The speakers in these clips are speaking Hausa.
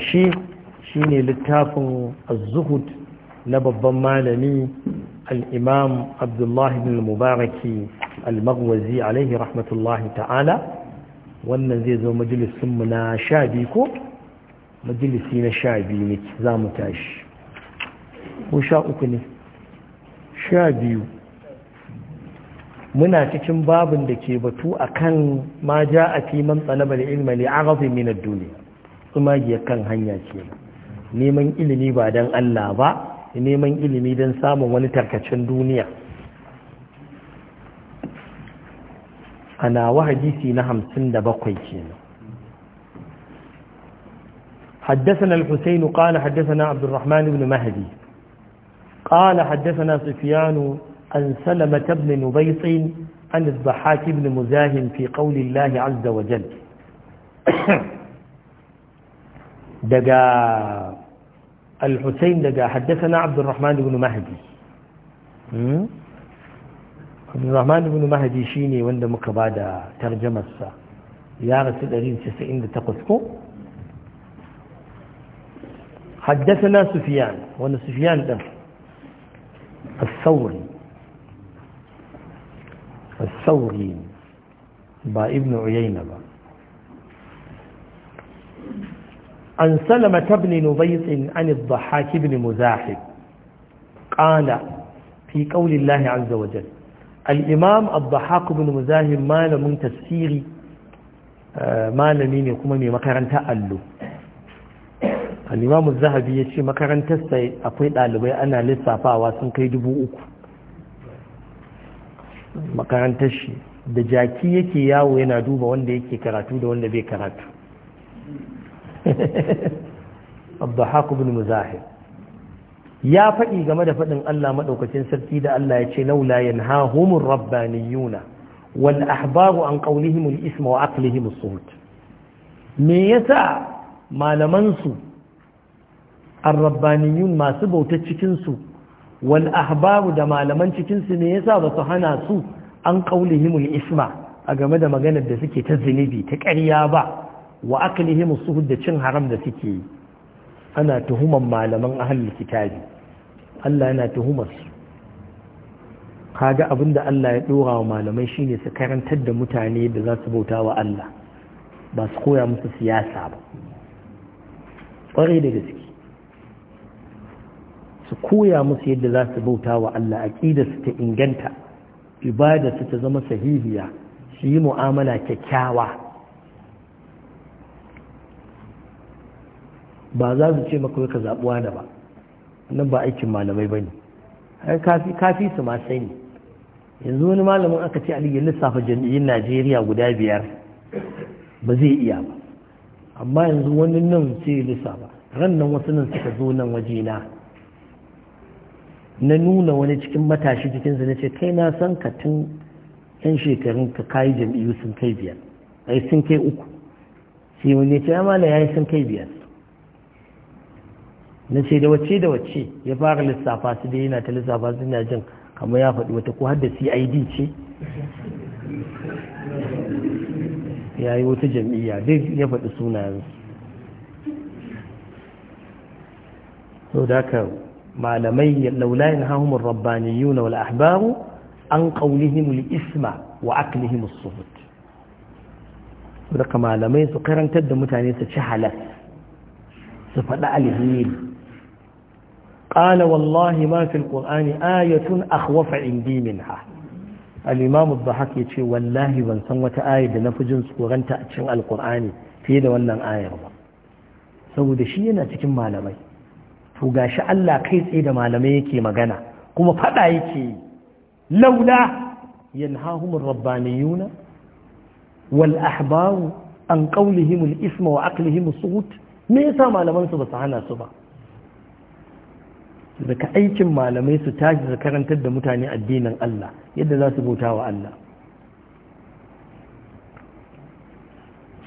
shi shi ne littafin az-zuhud na babban malami al-imam abdullahi bin mubaraki al-maghwazi alaihi rahmatullahi ta'ala wannan zai zo majalisin mu na sha biyu ko majalisi na sha biyu ne za mu tashi ko sha uku ne sha biyu muna cikin babin da ke batu akan ma ja a fi man tsanaba da ilma li arabi min ad tsumagiyar kan hanya ce neman ilimi ba don Allah ba neman ilimi don samun wani tarkacin duniya ana wa hadisi na hamsin da bakwai kenan حدثنا الحسين قال حدثنا عبد الرحمن بن مهدي قال حدثنا سفيان عن سلمة بن نبيط عن الضحاك بن مزاهم في قول الله عز وجل دقا الحسين دقا حدثنا عبد الرحمن بن مهدي عبد الرحمن بن مهدي شيني وند مكبادا ترجمة السا يارة الأرين تسعين لتقسكو حدثنا سفيان وانا سفيان ده الثوري الثوري با ابن عيينة با عن سلمة بن نبيط عن الضحاك بن مزاحم قال في قول الله عز وجل الإمام الضحاك بن مزاحم ما لم تفسيري ما لم يكون مكرن تألو al'imamu zahabi ya ce makarantarsa akwai ɗalibai ana lissafawa sun kai dubu uku makarantar shi da jaki yake yawo yana duba wanda yake karatu da wanda bai karatu abdullahi bin muzahir ya faɗi game da faɗin Allah maɗaukacin sarki da Allah ya ce laula yanhahumur rabbaniyuna wal ahbaru an qawlihim al isma wa aqlihim as suhut me yasa malaman su ar rabbaniyun masu bauta cikinsu su wal ahbaru da malaman cikinsu su me yasa ba su hana su an qawlihim al isma a game da maganar da suke ta zinubi ta ƙarya ba wa aklihim suhud da cin haram da suke yi ana tuhuman malaman ahlul kitabi Allah yana tuhumar su kaga abinda Allah ya dora wa malamai shine su karantar da mutane da za su bauta wa Allah ba su koya musu siyasa ba Kware da gaske su koya musu yadda za su bauta wa Allah aqida su ta inganta ibada su ta zama sahihiya su yi mu'amala kyakkyawa ba za su ce maka ka zaɓuwa da ba nan ba aikin malamai ba ne kafi su ma ne. yanzu wani malamin aka ce aliyu lissafa jami'in najeriya guda biyar ba zai iya ba amma yanzu wani nan ce lissafa ran nan wasu nan suka zo nan waje na Na nuna wani cikin matashi cikin na ce kai na san ka tun yan shekarun ka kayi jami'u sun kai biyar ai sun kai uku sai wani ya ce amma ya yi sun kai biyar na ce da wacce da wacce ya fara lissafa su da yana ta lissafa su na jin kamar ya faɗi wata ko hadda cid ce ya yi wata jam'iyya duk ya faɗi sunayen so da haka malamai laula hahumar rabbani rabbaniyun wal ahbaru an ƙaunihim al isma wa aklihim as suhut so da malamai su karantar da mutane su ci halas su faɗi alheri قال والله ما في القرآن آية أخوف عندي منها الإمام الضحك na والله jin suranta نفجن cikin أتشن القرآن في ذا ولن آية saboda shi yana cikin malamai to gashi Allah kai tsaye da malamai yake magana kuma faɗa yake laula yanhahum ar-rabbaniyuna wal ahbaru an qawlihim al-isma wa aqlihim suhut me yasa malamansu ba su hana su ba daga aikin malamai su tashi su karantar da mutane addinin Allah yadda za su bauta wa Allah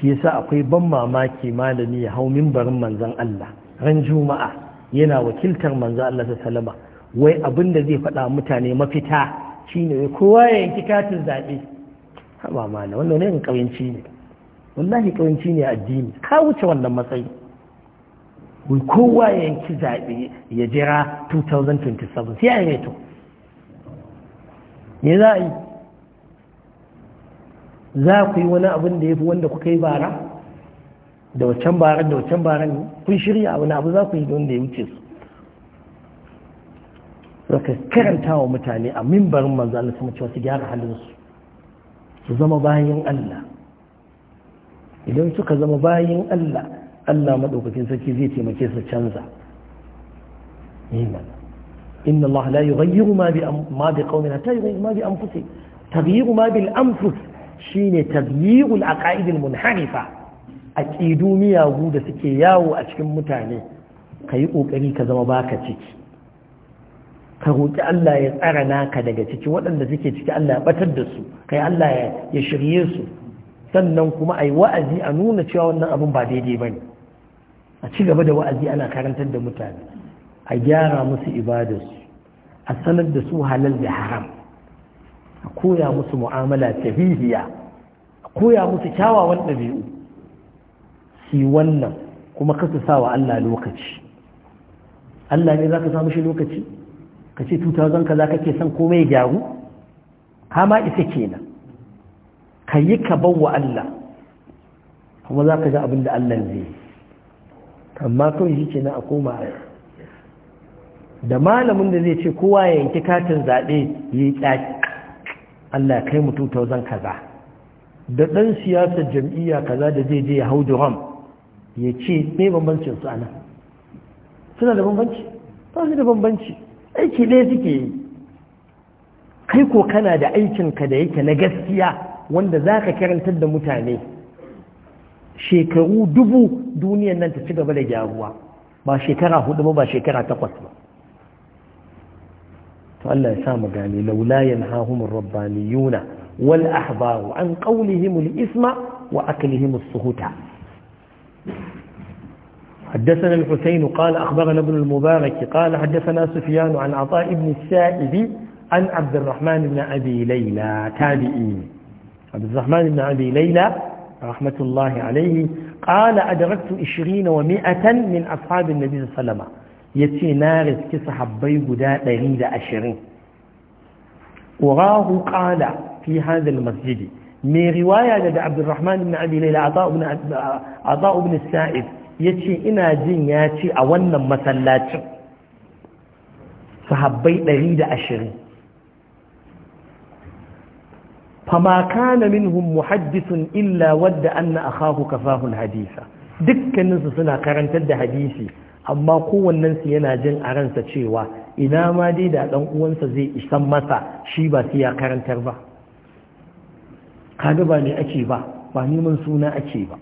shi yasa akwai ban mamaki malami ya hau mimbarin manzon Allah ran juma'a yana wakiltar manzon Allah ta salama wai abin da zai faɗa mutane mafita shine wai kowa ya yanki katin zaɓe ba malam wannan ne ƙawanci ne wallahi ƙawanci ne addini ka wuce wannan matsayi wai kowa ya yanki zaɓe ya jira 2027 sai ya yi to me za a yi za ku yi wani abin da ya fi wanda kuka yi bara da waccan baran da waccan baran ne kun shirya wani abu za ku yi wanda ya wuce su zaka karanta wa mutane a mimbarin manzo Allah sama cewa su gyara halinsu su zama bayan Allah idan suka zama bayan Allah Allah maɗaukakin sarki zai taimake su canza iman inna Allah la yughayyiru ma bi ma bi qaumin hatta yughayyiru ma bi anfusihim taghyiru ma bil anfus shine taghyiru al aqaid al munharifa aqidu miyagu da suke yawo a cikin mutane kayi kokari ka zama baka ciki ka roƙi Allah ya tsara naka daga ciki waɗanda suke ciki Allah ya batar da su kai Allah ya shirye su sannan kuma a yi wa'azi a nuna cewa wannan abin ba daidai ba ne a ci gaba da wa'azi ana karantar da mutane a gyara musu ibadarsu a sanar da su halal da haram a koya musu mu'amala tafihiya a koya musu kyawawan ɗabi'u si wannan kuma su sa wa Allah lokaci Allah ne za ka samu shi lokaci ka ce 2000 ka za kake son komai gyaru kama isa kenan ka yi ka bawa Allah kuma za ka ga abin da Allah zai yi amma kawai shi ce na a koma da malamin da zai ce kowa ya yanki katin zaɓe ya yi ƙyaƙi Allah kai mutum tauzan kaza da ɗan siyasar jam'iyya kaza da zai je ya hau duram ya ce me bambancin su ana suna da bambanci ba su da bambanci aiki ɗaya suke yi kai ko kana da aikinka da yake na gaskiya wanda za ka karantar da mutane shekaru dubu duniyan nan ta ci gaba da gyaruwa ba shekara hudu ba ba shekara takwas ba to Allah ya sa mu gane laula yanhahum ar-rabbaniyuna wal ahbaru an qawlihim al-isma wa aklihim as-suhuta حدثنا الحسين قال أخبرنا ابن المبارك قال حدثنا سفيان عن عطاء بن السائب عن عبد الرحمن بن أبي ليلى تابعي عبد الرحمن بن أبي ليلى رحمة الله عليه قال أدركت عشرين ومائة من أصحاب النبي صلى الله عليه وسلم يتي نارس كصحابي قداء دريد عشرين وراه قال في هذا المسجد من رواية لدى عبد الرحمن بن أبي ليلى عطاء بن, عطاء بن السائد يتي إنا جن ياتي أولا مسلاتي صحابي دريد عشرين fama kana minhum muhaddisun illa wadda anna akhahu kafahu hadisa dukkanin suna karantar da hadisi amma kowannen su yana jin a ransa cewa ina ma dai da dan uwansa zai isan masa shi ba sai ya karantar ba kaga ba ne ake ba ba neman suna ake ba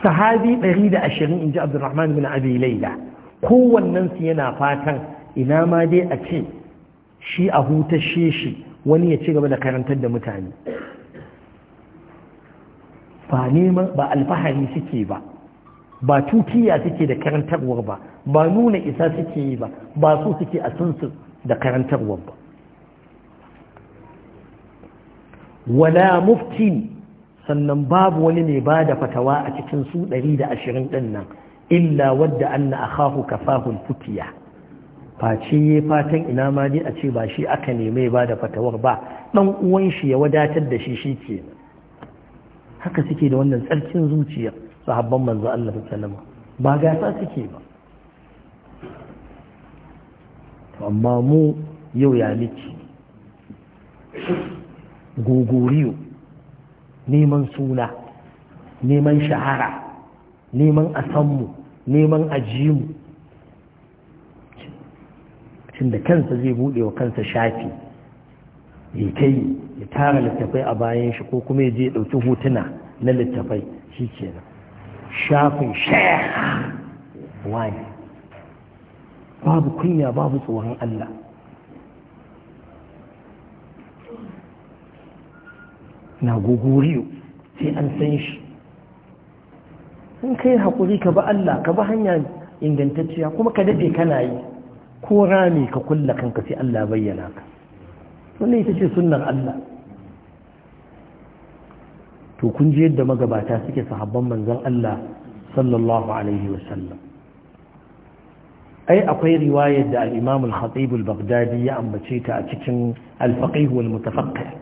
sahabi 120 inji Abdulrahman bin Abi Layla kowannen su yana fatan ina ma dai a ce shi a hutashe shi wani ya ci gaba da karantar da mutane ba neman ba alfahari suke ba ba tukiya suke da karantarwar ba ba nuna isa suke yi ba ba su suke a sunsu da karantarwar ba wala mufti sannan babu wani mai ba da fatawa a cikin su 120 ɗin nan illa wadda an na akahu kafahun futiya face ya fatan ina ma dai a ce ba shi aka neme ba da fatawar ba dan uwan shi ya wadatar da shi shi ke haka suke da wannan tsarkin zuciya sahabban manzo Allah sallama ba gasa suke ba amma mu yau ya miki gogoriyo neman suna neman shahara neman asanmu neman ajimu Tunda da kansa zai buɗe wa kansa shafi ya kai ya tara littafai a bayan shi ko kuma ya je ya ɗauki hotuna na littafai shi kenan shafin shaya wani babu kunya babu tsoron Allah na gogoriyo sai an san shi in kai haƙuri ka ba Allah ka ba hanya ingantacciya kuma ka daɗe kana yi ko rami ka kulla kanka sai Allah bayyana ka wannan ita ce sunnar Allah to kun ji yadda magabata suke sahabban manzon Allah sallallahu alaihi wasallam ai akwai riwayar da al-Imam al-Khatib al-Baghdadi ya ambace ta a cikin al-Faqih wal-Mutafaqqih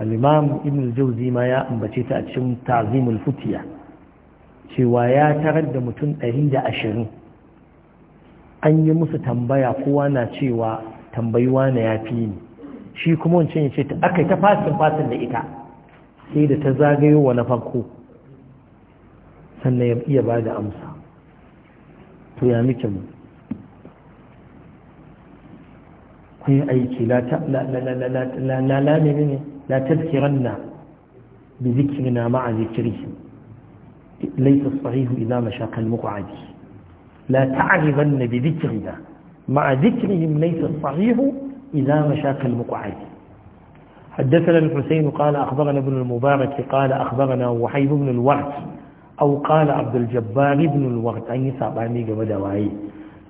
al-Imam Ibn al-Jawzi ma ya ambace ta a cikin Ta'zim al-Futiya cewa ya tarar da mutum 120 an yi musu tambaya kowa na cewa tambayuwa na ya fi ni shi kuma wancan ya ce aka yi ta fasin fasin da ita sai da ta zagayo wa na farko sannan ya iya ba da amsa to ya muke mu kun aiki la lamini ne la tazkiran na bi zikirina ma'a zikirin laifin sahihu idan mashakal muku aji لا تعرضن بذكرنا مع ذكرهم ليس الصحيح إذا مشاك المقعد حدثنا الحسين قال أخبرنا ابن المبارك قال أخبرنا وحيد بن الورد أو قال عبد الجبار بن الورد أن يسعباني قبل وعي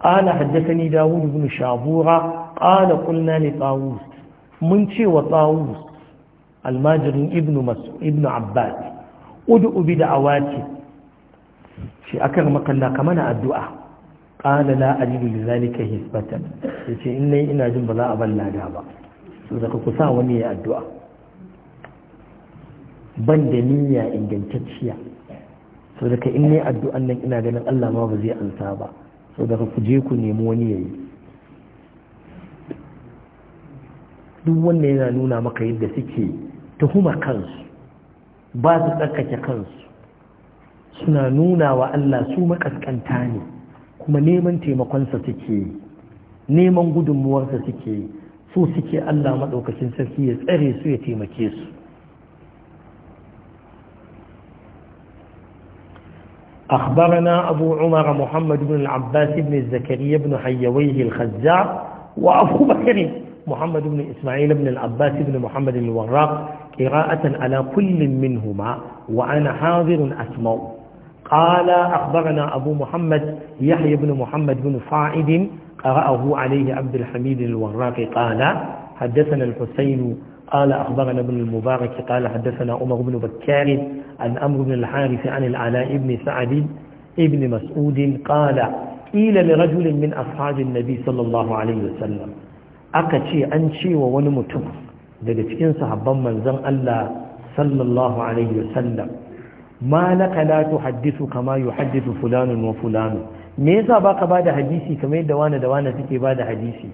قال حدثني داود بن شابورة قال قلنا لطاووس منشي وطاووس الماجر ابن, مس ابن عباس ادعو بدعواتي في أكرمك الله كمان الدعاء qala la ajidu li zalika hisbatan yace in nayi ina jin ba za a balla da ba so daga ku sa wani ya addu'a ban da niyya ingantacciya so daga in nayi addu'an nan ina ganin Allah ma ba zai ansa ba so daga ku je ku nemi wani yayi duk wanda yana nuna maka yadda suke tuhuma kansu ba su tsarkake kansu suna nuna wa Allah su makaskanta ne kuma neman taimakonsa suke neman gudunmuwarsa suke su suke Allah maɗaukacin sarki ya tsare su ya taimake su أخبرنا أبو عمر محمد بن العباس بن زكريا بن حيويه الخزاع وأبو بكر محمد بن إسماعيل بن العباس بن محمد الوراق قراءة على كل منهما وأنا حاضر أسمع قال أخبرنا أبو محمد يحيى بن محمد بن صاعد قرأه عليه عبد الحميد الوراقي قال حدثنا الحسين قال أخبرنا ابن المبارك قال حدثنا عمر بن بكار عن أمر بن الحارث عن العلاء بن سعد ابن مسعود قال قيل لرجل من أصحاب النبي صلى الله عليه وسلم أكتشي أنشي وونمتم daga cikin sahabban manzon Allah sallallahu alaihi wasallam ma laka la tuhaddithu kama yuhaddithu fulan wa fulanu me yasa baka bada hadisi kamar da wani da wani suke bada hadisi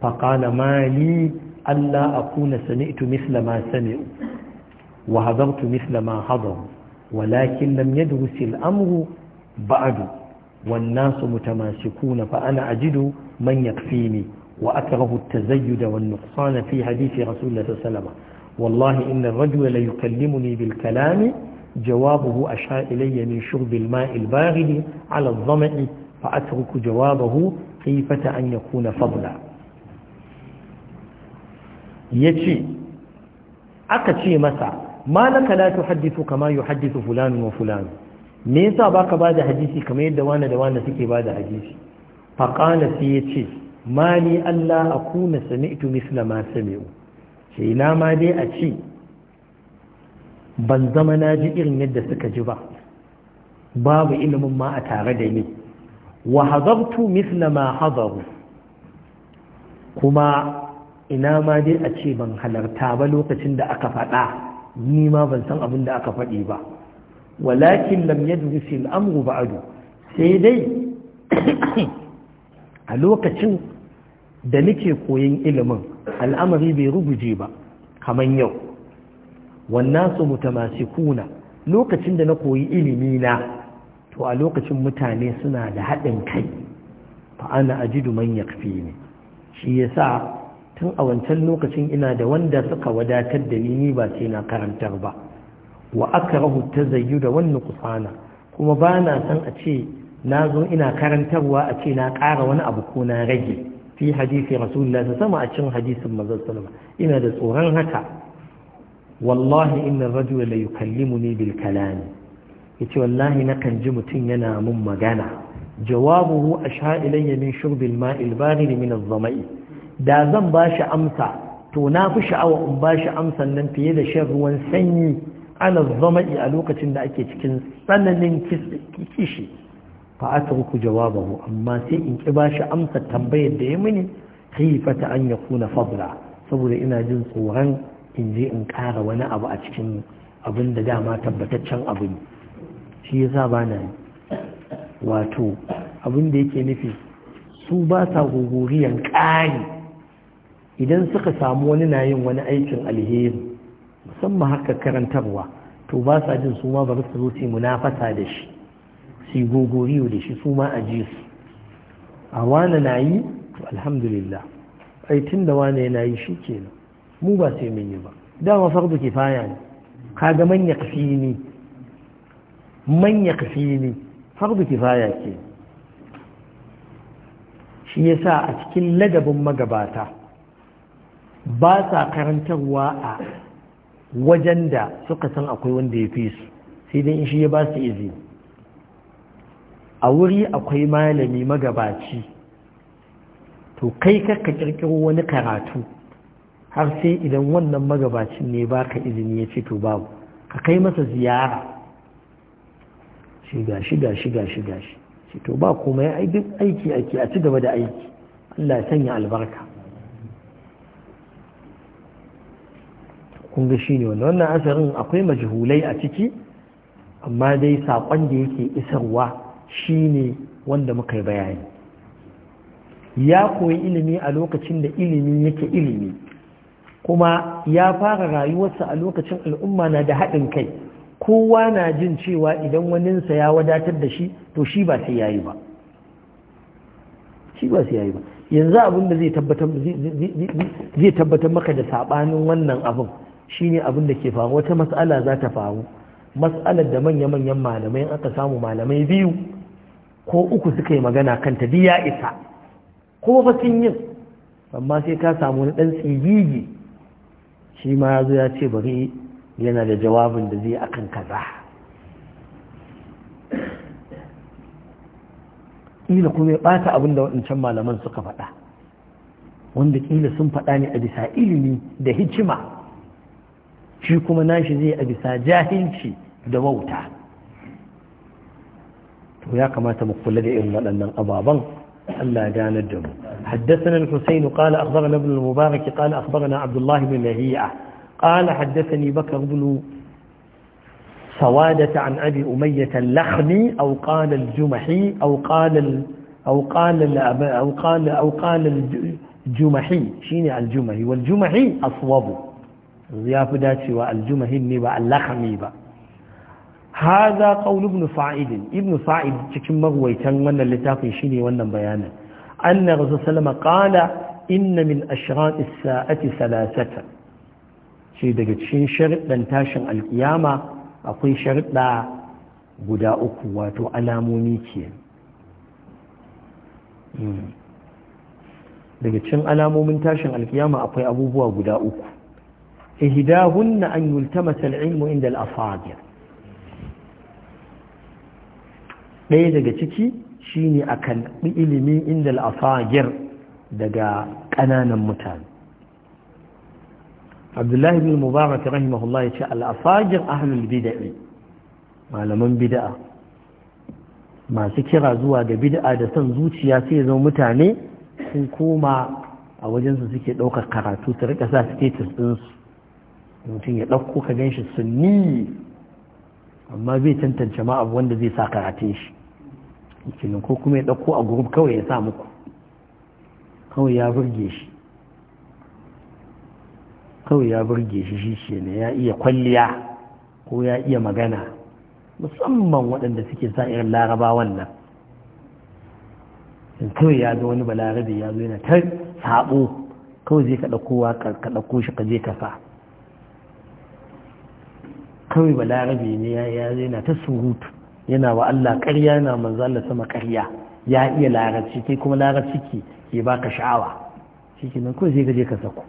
fa qala mali Allah akuna sami'tu misla ma sami'u wa hadartu misla ma hadaru walakin lam yadrus al amru ba'du wan nasu mutamasikuna fa ana ajidu man yakfini wa akrahu at-tazayyud wa an-nuqsan fi hadithi rasulullah sallallahu alaihi wasallam wallahi inna ar-rajula la yukallimuni bil kalami جوابه أشار إلي من شرب الماء البارد على الظمأ فأترك جوابه كيف أن يكون فضلا يتي أكتشي مسا ما لك لا تحدث كما يحدث فلان وفلان من سابق بعد حديثي كما يدوان دوان سكي بعد حديثي فقال سيتي ما لي ألا أكون سمعت مثل ما سمعوا لا ما دي أتي ban zama na ji irin yadda suka ji ba babu ilimin ma a tare da ni wa hazabtu misla ma hazaru kuma ina ma dai a ce ban halarta ba lokacin da aka faɗa ni ma ban san abin da aka faɗi ba walakin lam yadrisi al'amru ba'du sai dai a lokacin da nake koyon ilimin al'amari bai ruguje ba kamar yau wannan su mutamasikuna lokacin da na koyi ilimi na to a lokacin mutane suna da haɗin kai fa ana ajidu man ne shi yasa tun a wancan lokacin ina da wanda suka wadatar da ni ni ba sai na karantar ba wa akrahu tazayyu da wannan kusana kuma ba na san a ce na zo ina karantarwa a ce na ƙara wani abu ko na rage fi hadisi rasulullah sama a cin hadisin manzon ina da tsoron haka wallahi inna rajula la yukallimuni bil kalam yace wallahi nakan ji mutum yana mun magana jawabuhu asha ilayya min shurbil ma'il baghir min az-zama'i da zan bashi amsa to na fi sha'awa in bashi amsan nan fiye da shan ruwan sanyi ala zama'i a lokacin da ake cikin tsananin kishi fa atruku jawabahu amma sai in ki bashi amsa tambayar da ya mini ta an yakuna fadla saboda ina jin tsoron in je in ƙara wani abu a cikin abin da dama tabbataccen abu ne shi sa ba na wato abin da yake nufi su ba sa gogoriyan ƙari idan suka samu wani na yin wani aikin alheri musamman haka karantarwa to ba sa jin su ma ba su zo su munafasa da shi su gogoriyo da shi su ma a ji su a wane na yi alhamdulillah ai tun da wane yana yi shi kenan mu ba sai mun yi ba dama fardu kifaya ne kaga ga manya kafini Manya kafini fardu kifaya ke shi yasa a cikin ladabin magabata ba sa karantarwa a wajen da suka san akwai wanda ya fi su sai dai in shi ya ba su izini a wuri akwai malami magabaci to kai ka kirkiro wani karatu har sai idan wannan magabacin ne ba ka izini ya ce to babu ka kai masa ziyara shiga shiga shiga shiga shi to ba kuma ya aiki ake a ci gaba da aiki Allah ya sanya albarka kunga ga shi ne wannan asarin akwai majhulai a ciki amma dai saƙon da yake isarwa shi ne wanda muka yi bayani ya koyi ilimi a lokacin da ilimi yake ilimi kuma ya fara rayuwarsa a lokacin al'umma na da haɗin kai kowa na jin cewa idan waninsa ya wadatar da shi to shi ba sai yayi ba shi ba sai yayi ba yanzu abin da zai tabbatar maka da saɓanin wannan abin shine abin da ke faru wata mas'ala za ta faru mas'alar da manya manyan malamai in aka samu malamai biyu ko uku suka yi magana kanta duk ya isa kuma fa sun yin amma sai ka samu wani ɗan tsigigi shi ma ya zo ya ce bari yana da jawabin da zai akan kaza ƙila kuma ya ɓata abin da waɗancan malaman suka faɗa wanda ƙila sun faɗa ne a bisa ilimi da hikima shi kuma nashi zai a bisa jahilci da wauta to ya kamata mu kula da irin waɗannan ababen Allah ya ganar da mu حدثنا الحسين قال أخبرنا ابن المبارك قال أخبرنا عبد الله بن لهيعة قال حدثني بكر بن سوادة عن أبي أمية اللخمي أو قال الجمحي أو قال ال أو قال أو قال أو قال الجمحي شيني الجمحي والجمحي أصوب ضياف داتي والجمحي نبا اللخمي با هذا قول ابن صعيد ابن صعيد تكمل ويتنون اللي تاقي شيني ونن بيانه أن الرسول صلى الله عليه وسلم قال إن من أشراط الساعة ثلاثة شيء دقت شين شرط لنتاشن القيامة أقول شرط لا قداء قوات ألاموني كين daga cin alamomin tashin alkiyama akwai abubuwa guda uku ihdahunna an yultamasa al-ilmu inda al-asadir ɗaya daga ciki shine a kalbi ilimi inda al'afagir daga ƙananan mutane abdullahi bin mubarak rahimahullah ya ce al'afagir ahlul bida'i malaman bida'a masu kira zuwa ga bida'a da son zuciya sai zama mutane sun koma a wajensu suke ɗaukar karatu su rika sa status ɗinsu mutum ya ɗauko ka gan shi sunni amma zai tantance ma wanda zai sa karatun shi kenan ko kuma ya ɗauko a group kawai ya sa muku kawai ya burge shi kawai ya burge shi shi shi ne ya iya kwalliya ko ya iya magana musamman waɗanda suke sa irin laraba wannan kawai ya zo wani balarabe ya zo yana ta sabo kawai zai ka wa ka ɗauko shi ka je ka sa kawai balarabe ne ya zo yana ta surutu yana wa Allah ƙarya yana manzo Allah sama ƙarya ya iya larabci kai kuma larabci ke ke baka sha'awa shi ke nan kawai sai ka je ka sako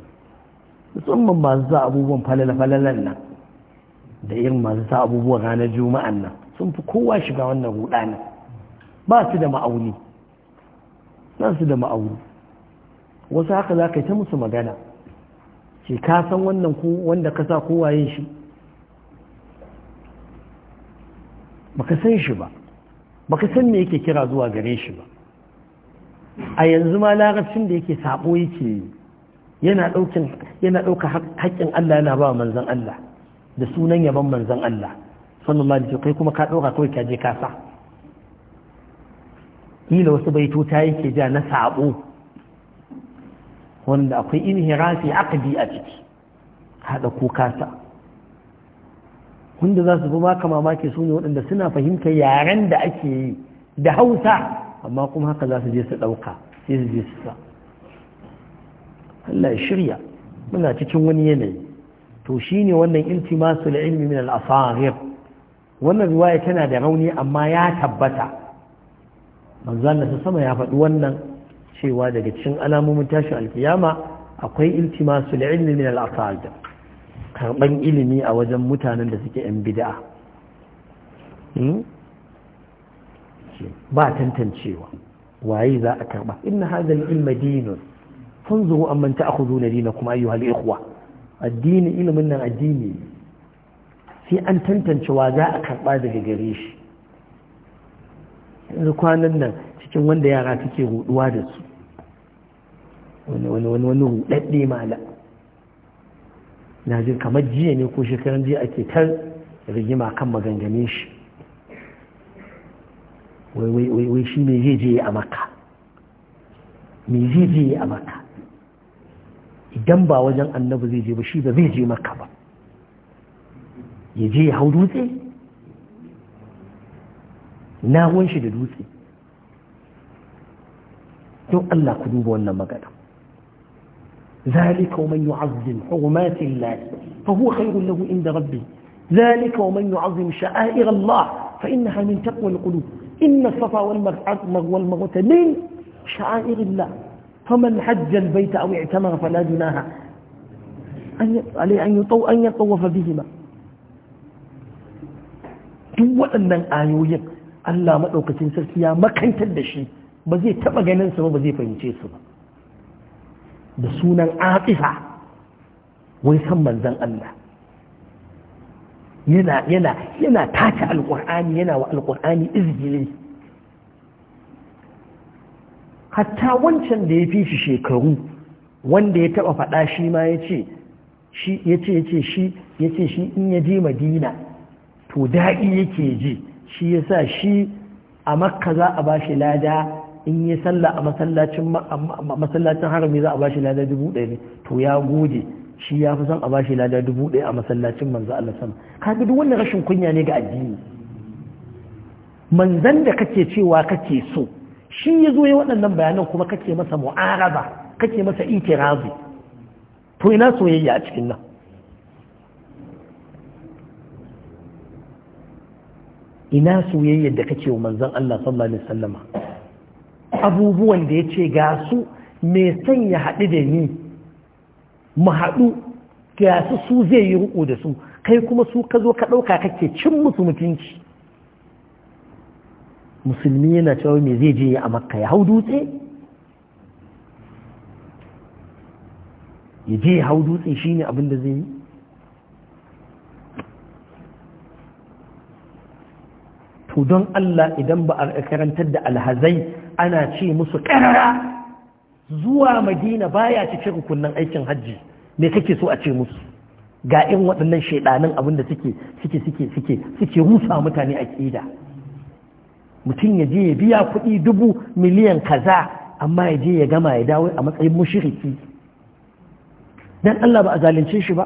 musamman masu sa abubuwan falala-falalan nan da irin masu sa abubuwan ranar juma'an nan sun fi kowa shiga wannan rudanin ba su da ma'auni ba su da ma'auni wasu haka za ka yi ta musu magana ce ka san wannan wanda ka sa kowa yin shi baka san shi ba baka san me yake kira zuwa gare shi ba a yanzu ma larabcin da yake sabo yake yana daukin yana dauka haƙƙin Allah yana ba manzon Allah da sunan yaban manzon Allah sallallahu alaihi kai kuma ka dauka kawai ka je ka sa kila wasu baitota yake ja na sabo wanda akwai inhirafi aqdi a ciki hada ko kasa wanda za su fi maka mamaki su ne waɗanda suna fahimtar yaren da ake yi da hausa amma kuma haka za su je su ɗauka sai su je su sa Allah ya shirya muna cikin wani yanayi to ne wannan masu ilmi min al wannan riwaya tana da rauni amma ya tabbata manzon Allah sama ya faɗi wannan cewa daga cikin alamomin tashin alkiyama akwai masu ilmi min al karɓan ilimi a wajen mutanen da suke 'yan bida'a hmm? ba tantancewa waye za a karɓa inna hazal ilma dinun fanzuru amman ta'khuduna dinakum ayyuhal ikhwa addini ilimin nan addini sai an tantancewa za a karɓa daga gare shi yanzu kwanan nan cikin wanda yara suke ruduwa da su wani wani wani rudadde mala na jin kamar jiya ne ko shekaran jiya ake ta rigima kan maganganin shi wai shi me zai je a maka me zai je a maka idan ba wajen annabi zai je ba shi ba zai je maka ba ya je ya hau dutse na shi da dutse don Allah ku duba wannan magana ذلك ومن يعظم حرمات الله فهو خير له عند ربه ذلك ومن يعظم شعائر الله فإنها من تقوى القلوب إن الصفا والمروة من شعائر الله فمن حج البيت أو اعتمر فلا جناها عليه أن يطوف بهما دو ان ayoyin Allah maɗaukacin sarki ya makantar da shi ba zai taɓa ganin su da sunan atifa wai san manzon Allah yana yana yana tace alqur'ani yana wa alqur'ani izgili hatta wancan da ya fi shi shekaru wanda ya taba faɗa shi ma ya shi ya ce shi ya shi in ya je madina to daɗi yake ji shi ya sa shi a makka za a ba shi lada in yi sallah a masallacin harami za a bashi lada dubu ɗaya ne to ya gode shi ya fi son a bashi lada dubu ɗaya a masallacin manzo Allah sama ka duk wannan rashin kunya ne ga addini manzan da kake cewa kake so shi ya zo ya waɗannan bayanan kuma kake masa mu'araba kake masa itirazi to ina soyayya a cikin nan ina soyayya da kake wa manzan Allah sallallahu alaihi wasallama abubuwan da ya ce ga su mai sanya ya haɗu da ni mu haɗu ga su su zai yi riko da su kai kuma su ka zo ka ɗauka kake cin musu mutunci musulmi yana cewa me zai je a makka ya hau dutse ya je ya hau dutse shi abin da zai yi to don Allah idan ba a karantar da alhazai ana ce musu karara zuwa madina baya cikin rukunin aikin hajji me kake so a ce musu ga in waɗannan shaidanin abin da suke suke suke suke suke rusa mutane a ƙida mutum ya je ya biya kuɗi dubu miliyan kaza amma ya je ya gama ya dawo a matsayin mushiriki dan Allah ba a zalunce shi ba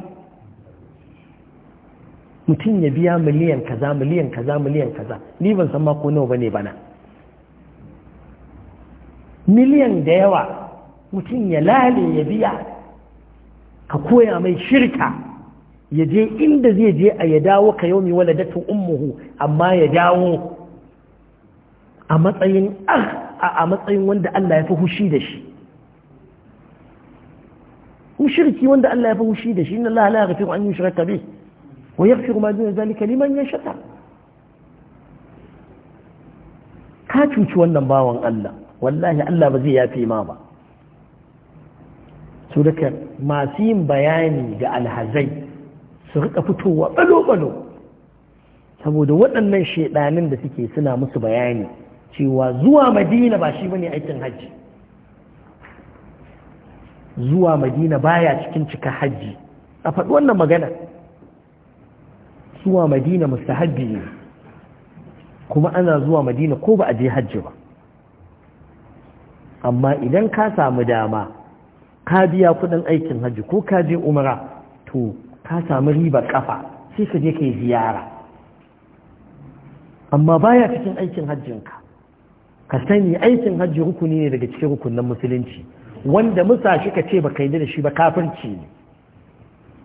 mutum ya biya miliyan kaza miliyan kaza miliyan kaza ni ban san mako nawa bane bana miliyan da yawa mutum ya lale ya biya ka koya mai shirka ya je inda zai je a ya dawo ka yau mai datu ummuhu amma ya dawo a matsayin ah, a matsayin wanda Allah ya fi hushi da shi mushriki wanda Allah ya fi hushi da shi inna Allah la yaghfiru an yushraka bihi ويغفر ما دون ذلك لمن يشاء ka cuci wannan bawan Allah wallahi Allah ba zai yafi ma ba su duka masu yin bayani ga alhazai su rika fitowa balo-balo saboda waɗannan shaidanin da suke suna musu bayani cewa zuwa madina ba shi bane aikin hajji zuwa madina baya cikin cika hajji a faɗi wannan magana zuwa madina mustahabbi ne kuma ana zuwa madina ko ba a je hajji ba amma idan ka samu dama ka biya kudin aikin hajji ko ka je umara to ka samu ribar kafa sai ka je ka yi ziyara amma baya cikin aikin hajjinka ka sani aikin hajji rukuni ne daga cikin rukunin musulunci wanda musa shi ka ce ba kai yi da shi ba kafirci ne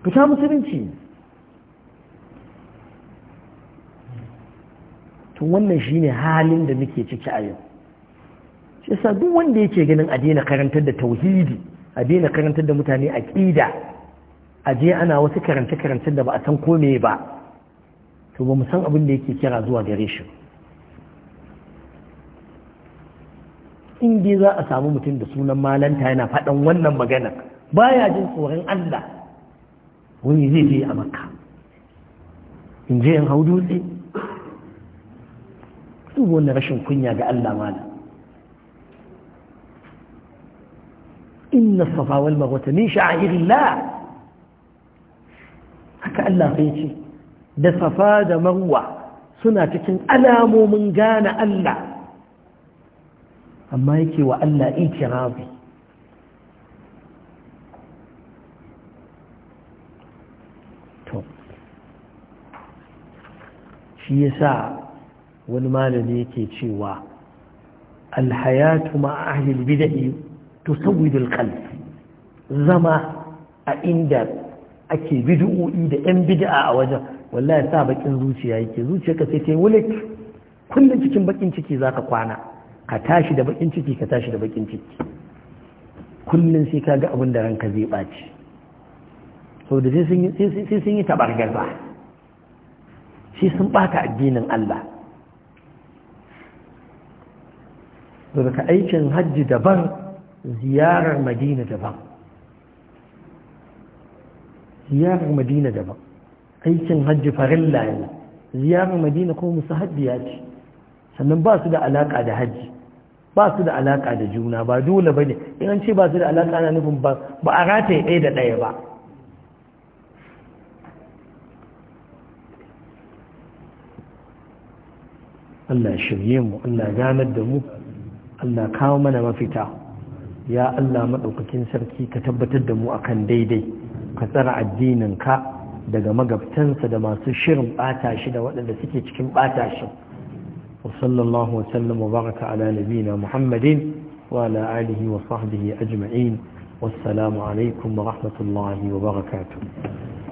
fita musulunci ne To wannan shine halin da muke ciki a yau shi yasa duk wanda yake ganin a daina karantar da tauhidi a daina karantar da mutane a ƙida, a je ana wasu karance karancen da ba a san ko ba to ba mu san abin da yake kira zuwa gare shi in dai za a samu mutum da sunan malanta yana faɗan wannan magana baya jin tsoron Allah wani zai je a makka in je in hau dutse duk wani rashin kunya ga Allah mana inna safa wal marwata min sha'irillah haka Allah sai ce da safa da marwa suna cikin alamomin gane Allah amma yake wa Allah ikirabi to shi yasa wani malami yake cewa alhayatu ma ahlil bid'i tusawwidul qalb zama a inda ake bid'o'i da yan bid'a a wajen wallahi sa bakin zuciya yake zuciyarka sai ta wulik kullum cikin bakin ciki zaka kwana ka tashi da bakin ciki ka tashi da bakin ciki kullum sai ka ga abin da ranka zai baci sau da sai sun yi taɓar ba, sai sun ɓata addinin Allah daga aikin hajji daban ziyarar madina daban ziyarar madina daban aikin hajji farilla ne ziyarar madina kuma musu haddiya ce sannan ba su da alaka da hajji ba su da alaka da juna ba dole ba ne in an ce ba su da alaka na nufin ba a rataye ɗaya da ɗaya ba Allah shirye mu Allah ganar da mu Allah kawo mana mafita ya Allah maɗaukakin sarki ka tabbatar da mu akan daidai ka tsara ka daga magabtansa da masu shirin ɓata shi da waɗanda suke cikin ɓata shi wa sallallahu wa baraka ala nabina muhammadin wa ala alihi wa sahbihi ajma'in wassalamu alaikum wa rahmatullahi wa barakatuh